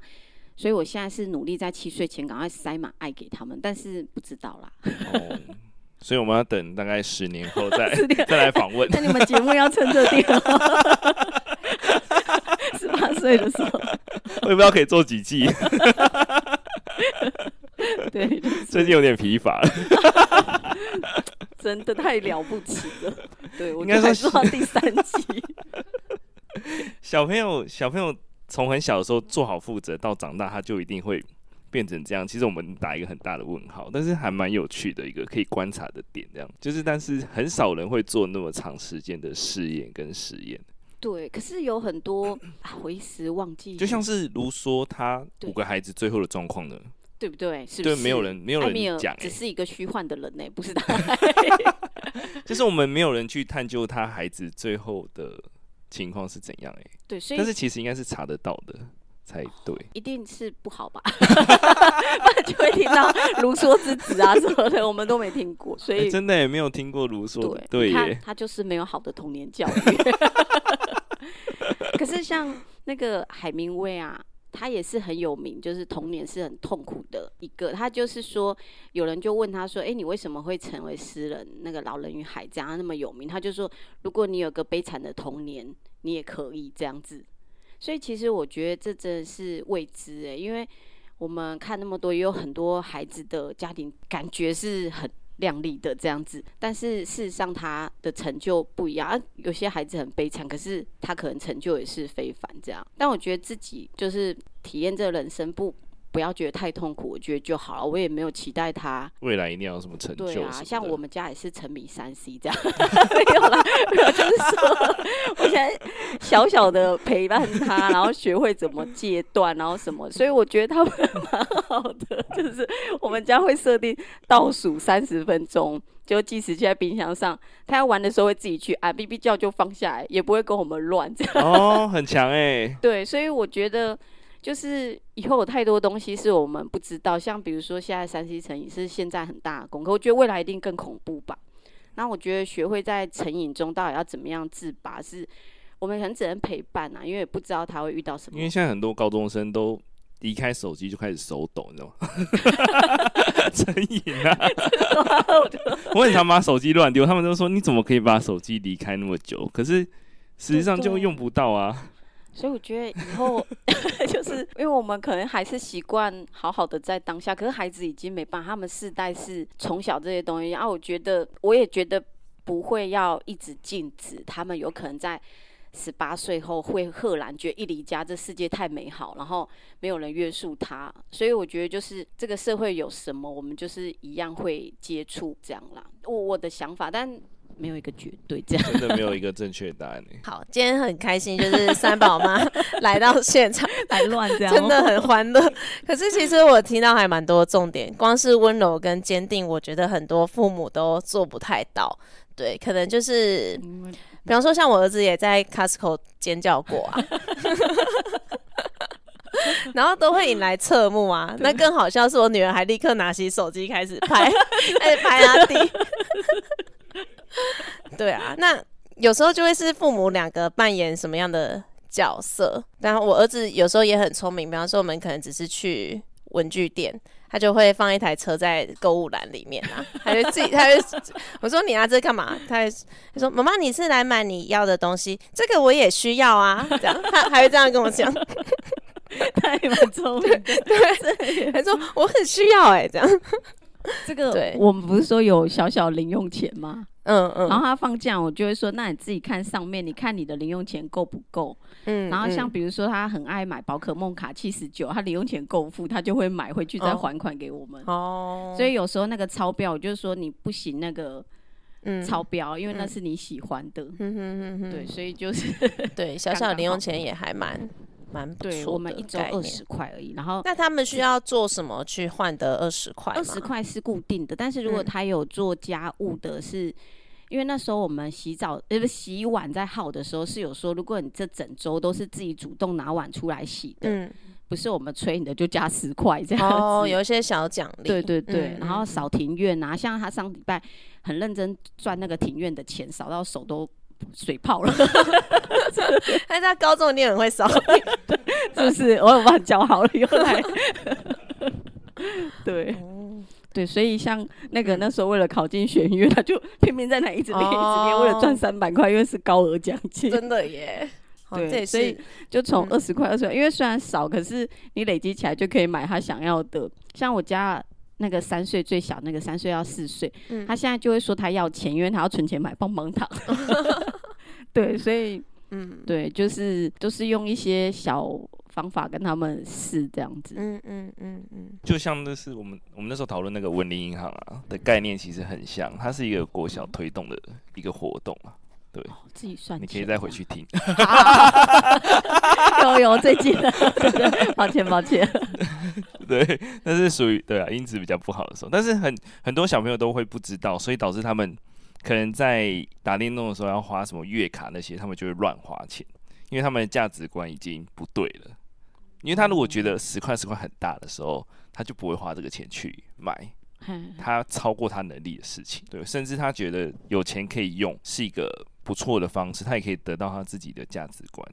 所以，我現在是努力在七歲前趕快塞滿愛給他們，但是不知道啦。哦，oh, 所以我們要等大概十年後再 再,再來訪問。那你們節目要趁這點，十八歲的時候， 我也不知道可以做幾季。 對，就是、最近有點疲乏了， 真的太了不起了， 對，我應該說說第三集。 小朋友，小朋友從很小的時候做好負責，到長大他就一定會變成這樣。其實我們打一個很大的問號，但是還蠻有趣的一個可以觀察的點。這樣就是，但是很少人會做那麼長時間的試驗跟實驗。對，可是有很多、 啊、回時忘記，就像是盧梭他五個孩子最後的狀況呢？對不對？是不是？對，沒有人，沒有人講、欸，只是一個虛幻的人哎、欸，不是他、欸， 就是我們沒有人去探究他孩子最後的情況是怎樣哎、欸。對，所以但是其實應該是查得到的才對、哦。一定是不好吧？就會聽到盧梭之子啊 什麼的，我們都沒聽過，所以、欸、真的也、欸、沒有聽過盧梭。對，對耶，他就是沒有好的童年教育。 可是像那個海明威啊。他也是很有名，就是童年是很痛苦的一個。他就是說，有人就問他說：“誒、欸，你為什麼會成為詩人？那個《老人與海》這樣那麼有名？”他就說：“如果你有個悲慘的童年，你也可以這樣子。”所以其實我覺得這真的是未知誒、欸，因為我們看那麼多，也有很多孩子的家庭感覺是很。靚麗的這樣子，但是事實上他的成就不一樣，啊，有些孩子很悲慘，可是他可能成就也是非凡這樣。但我覺得自己就是體驗這人生不。不要覺得太痛苦，我覺得就好了。我也沒有期待他未來一定要有什麼成就。對啊，像我們家也是沉迷三 C 這樣， 沒有了啦。 就是說，我現在小小的陪伴他， 然後學會怎麼戒斷，然後什麼。所以我覺得他們蠻好的，就是我們家會設定倒數三十分鐘，就計時就在冰箱上。他要玩的時候會自己去啊，嗶、哎、嗶叫就放下來，也不會跟我們亂這樣。哦， 很強哎、欸。對，所以我覺得。就是以後有太多東西是我們不知道，像比如說現在 3C 成癮是現在很大的功課，可我覺得未來一定更恐怖吧。那我覺得學會在成癮中到底要怎麼樣自拔，是我們很只能陪伴啊，因為不知道他會遇到什麼。因為現在很多高中生都離開手機就開始手抖，你知道嗎？成癮啊！ 我很常把手機亂丟，他們都說你怎麼可以把手機離開那麼久？可是實際上就用不到啊。對對所以我覺得以後 就是，因為我們可能還是習慣好好的在當下，可是孩子已經沒辦法，他們世代是從小這些東西，然、啊、後我覺得我也覺得不會要一直禁止，他們有可能在十八歲後會赫然覺得一離家這世界太美好，然後沒有人約束他，所以我覺得就是這個社會有什麼，我們就是一樣會接觸這樣啦，我我的想法，但。沒有一個絕對這樣，真的沒有一個正確答案、欸、 好，今天很開心，就是三寶媽來到現場來亂講， 亂這樣喔、真的很歡樂。可是其實我聽到還蠻多重點，光是溫柔跟堅定，我覺得很多父母都做不太到。對，可能就是，比方說像我兒子也在 Costco 尖叫過啊， 然後都會引來側目啊。那更好笑是我女兒還立刻拿起手機開始拍，開始、 欸、拍阿弟。 對啊，那有時候就會是父母兩個扮演什麼樣的角色？然後我兒子有時候也很聰明，比方說我們可能只是去文具店，他就會放一台車在購物籃裡面啊，他會自己，他會我說你拿、啊，這幹嘛？他他說媽媽你是來買你要的東西，這個我也需要啊，這樣他還會這樣跟我講，他也蠻聰明的 對，對，很聰 說我很需要哎、欸，這樣這個對，我們不是說有小小零用錢嗎？嗯,嗯然後他放假，我就會說：那你自己看上面，你看你的零用錢夠不夠？嗯嗯、然後像比如說他很愛買寶可夢卡七十九，他零用錢夠付，他就會買回去再還款給我們。哦、所以有時候那個超標，我就說你不行那個超標，嗯、因為那是你喜歡的。嗯、對，所以就是 對小小零用錢也還蠻。蠻對，我們一周二十塊而已。然後，那他們需要做什麼去換得二十塊？二十塊是固定的，但是如果他有做家務的是，是、嗯、因為那時候我們洗澡呃不洗碗在好的時候是有說，如果你這整周都是自己主動拿碗出來洗的，嗯、不是我們催你的就加十塊這樣子。哦，有一些小獎勵，對對對。嗯、然後掃庭院後、啊嗯、像他上禮拜很認真賺那個庭院的錢，掃到手都。水泡了，但 是，是他高中的練很會燒， 對 是不是？ 我有把他教好了，又來， 對對，所以像那個那時候為了考進學院，他就拼命在那一直練一直練，為了賺三百塊，因為是高額獎金，真的耶。對，所以就從二十塊二十塊，因為雖然少，可是你累積起來就可以買他想要的。像我家，那個三歲最小，那個三歲要四歲，嗯、他現在就會說他要錢，因為他要存錢買棒棒糖。 對，所以，嗯，對，就是都、就是用一些小方法跟他們試這樣子。嗯嗯嗯嗯，嗯嗯嗯就像那是我們我們那時候討論那個文林銀行啊的概念，其實很像，它是一個國小推動的一個活動啊。嗯、對、哦，自己算，你可以再回去聽。有有，我最近，抱歉抱歉。 對，那是屬於對啊，音質比較不好的時候。但是很很多小朋友都會不知道，所以導致他們可能在打電動的時候要花什麼月卡那些，他們就會亂花錢，因為他們的價值觀已經不對了。因為他如果覺得十塊十塊很大的時候，他就不會花這個錢去買，他超過他能力的事情。對，甚至他覺得有錢可以用是一個不錯的方式，他也可以得到他自己的價值觀。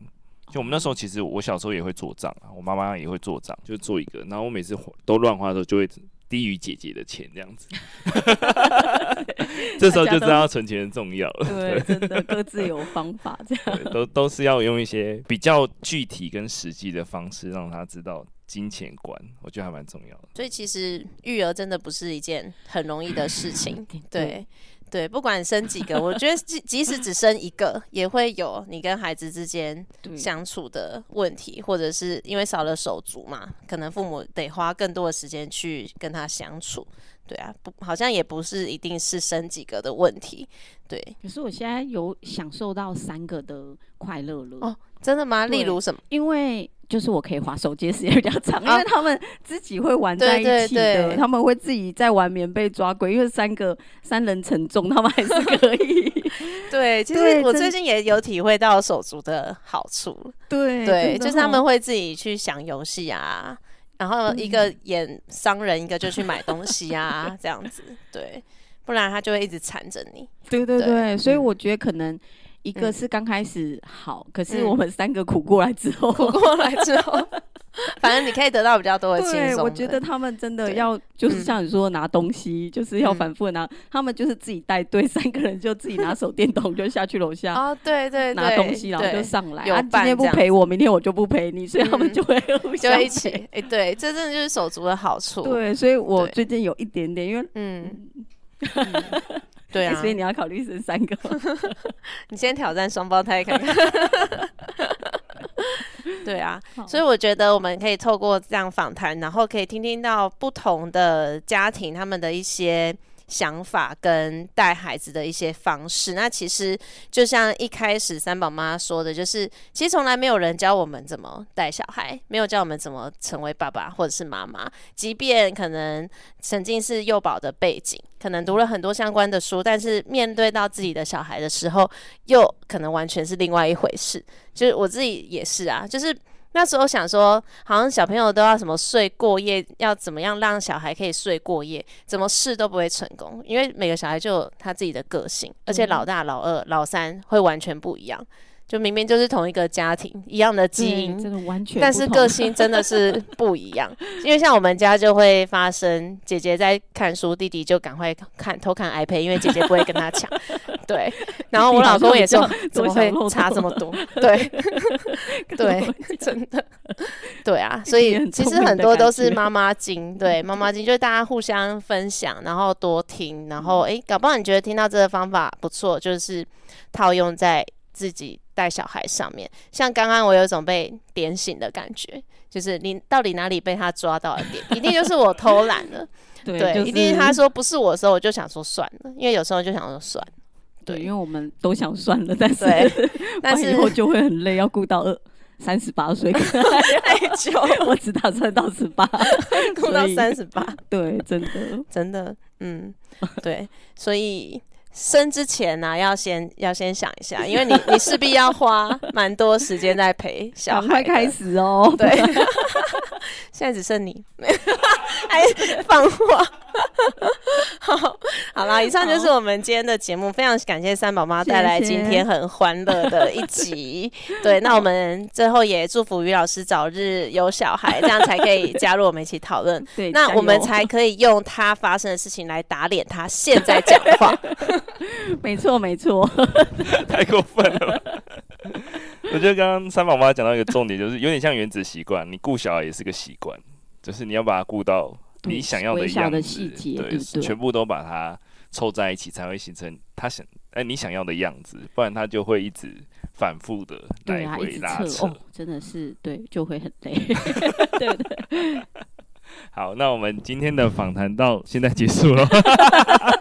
就我們那時候，其實我小時候也會做賬啊，我媽媽也會做賬，就做一個。然後我每次都亂花的時候，就會低於姐姐的錢這樣子。 這時候就知道存錢重要了。對，真的各自有方法這樣。 都都是要用一些比較具體跟實際的方式，讓他知道金錢觀，我覺得還蠻重要的。所以其實育兒真的不是一件很容易的事情， 對。對，不管你生幾個，我覺得即即使只生一個， 也會有你跟孩子之間相處的問題，對或者是因為少了手足嘛，可能父母得花更多的時間去跟他相處。對啊，不，好像也不是一定是生幾個的問題。對。可是我現在有享受到三個的快樂了。哦，真的嗎？對例如什麼？因為。就是我可以滑手機的時間比較長，啊、因為他們自己會玩在一起的，對對對，他們會自己在玩棉被抓鬼，對對對，因為三個三人沉重，他們還是可以。 對，其實對我最近也有體會到手足的好處。對對，對，就是他們會自己去想遊戲啊，然後一個演商人，一個就去買東西啊，這樣子。 對，不然他就會一直纏着你。對對對，對，所以我覺得可能。一個是剛開始好，可是我們三個苦過來之後，苦過來之後，反正你可以得到比較多的輕鬆。對，我覺得他們真的要，就是像你說的拿東西，就是要反覆拿。他們就是自己帶隊，三個人就自己拿手電筒就下去樓下啊，對對對，拿東西然後就上來。有今天不陪我，明天我就不陪你，所以他們就會就一起。哎，對，這真的就是手足的好處。對，所以我最近有一點點，因為嗯。對啊，所以你要考慮生三個嗎？ 你先挑戰雙胞胎看看。 對啊，好所以我覺得我們可以透過這樣訪談，然後可以聽聽到不同的家庭他們的一些。想法跟帶孩子的一些方式，那其實就像一開始三寶媽說的，就是其實從來沒有人教我們怎麼帶小孩，沒有教我們怎麼成為爸爸或者是媽媽。即便可能曾經是幼保的背景，可能讀了很多相關的書，但是面對到自己的小孩的時候，又可能完全是另外一回事。就是我自己也是啊，就是。那時候想說，好像小朋友都要什麼睡過夜，要怎麼樣讓小孩可以睡過夜，怎麼試都不會成功，因為每個小孩就有他自己的個性，而且老大、老二、老三會完全不一樣。就明明就是同一個家庭，一樣的基因，真的完全的，但是個性真的是不一樣。 因為像我們家就會發生，姐姐在看書，弟弟就趕快看偷看 iPad，因為姐姐不會跟他搶。 對，然後我老公也就怎麼會差這麼多？對， 對，真的，對啊。所以其實很多都是媽媽經，對媽媽經就是大家互相分享，然後多聽，然後誒、欸，搞不好你覺得聽到這個方法不錯，就是套用在自己在小孩上面，像剛剛我有種被點醒的感覺，就是你到底哪裡被他抓到了點？ 一定就是我偷懶了，對，對就是、一定他說不是我的時候，我就想說算了，因為有時候就想說算了，對，對，因為我們都想算了，但是但是以後就會很累。 要顧到二三十八歲， 太久，我只打算到十八， 顧到三十八，對，真的真的，嗯，對，所以。生之前呢、啊，要先要先想一下，因為你你勢必要花蠻多時間在陪小孩開始哦。對， 現在只剩你，還、 哎、放話。 好，好啦，了，以上就是我們今天的節目，好非常感謝三寶媽帶來今天很歡樂的一集。謝謝對，那我們最後也祝福於老師早日有小孩， 對這樣才可以加入我們一起討論。對，那我們才可以用他發生的事情來打臉他現在講話。 沒錯，沒錯， 太過分了。 我覺得剛剛三寶媽講到一個重點，就是有點像原子習慣，你顧小孩也是個習慣，就是你要把它顧到你想要的樣子，對，全部都把它湊在一起，才會形成他想哎，你想要的樣子，不然他就會一直反覆的來回拉扯、啊哦，真的是對，就會很累， 對不對，對？好，那我們今天的訪談到現在結束了。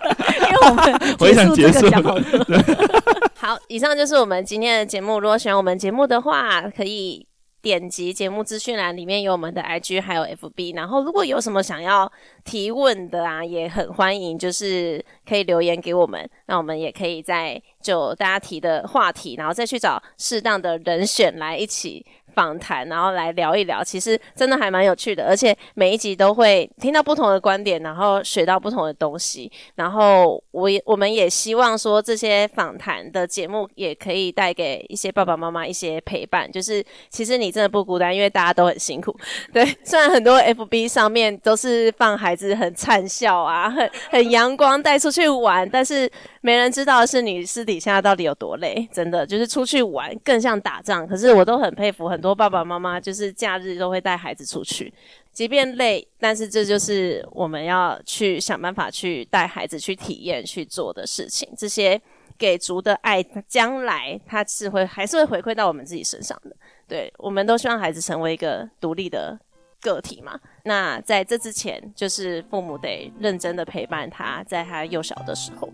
回 想結束。 好，以上就是我們今天的節目。如果喜歡我們節目的話，可以點擊節目資訊欄，裡面有我們的 IG 還有 FB。然後，如果有什麼想要提問的啊，也很歡迎，就是可以留言給我們，那我們也可以再就大家提的話題，然後再去找適當的人選來一起。訪談，然後來聊一聊，其實真的還蠻有趣的，而且每一集都會聽到不同的觀點，然後學到不同的東西。然後我我們也希望說，這些訪談的節目也可以帶給一些爸爸媽媽一些陪伴，就是其實你真的不孤單，因為大家都很辛苦。對，雖然很多 FB 上面都是放孩子很燦笑啊，很很陽光，帶出去玩，但是。沒人知道是你私底下到底有多累，真的就是出去玩更像打仗。可是我都很佩服很多爸爸媽媽，就是假日都會帶孩子出去，即便累，但是這就是我們要去想辦法去帶孩子去體驗去做的事情。這些給足的愛，將來它是會還是會回饋到我們自己身上的。對，我們都希望孩子成為一個獨立的。個體嘛，那在這之前，就是父母得認真的陪伴他，在他幼小的時候。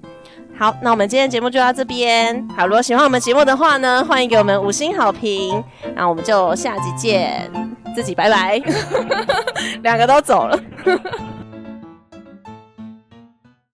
好，那我們今天節目就到這邊。好，如果喜歡我們節目的話呢，歡迎給我們五星好評。那我們就下集見，自己拜拜。兩 個都走了。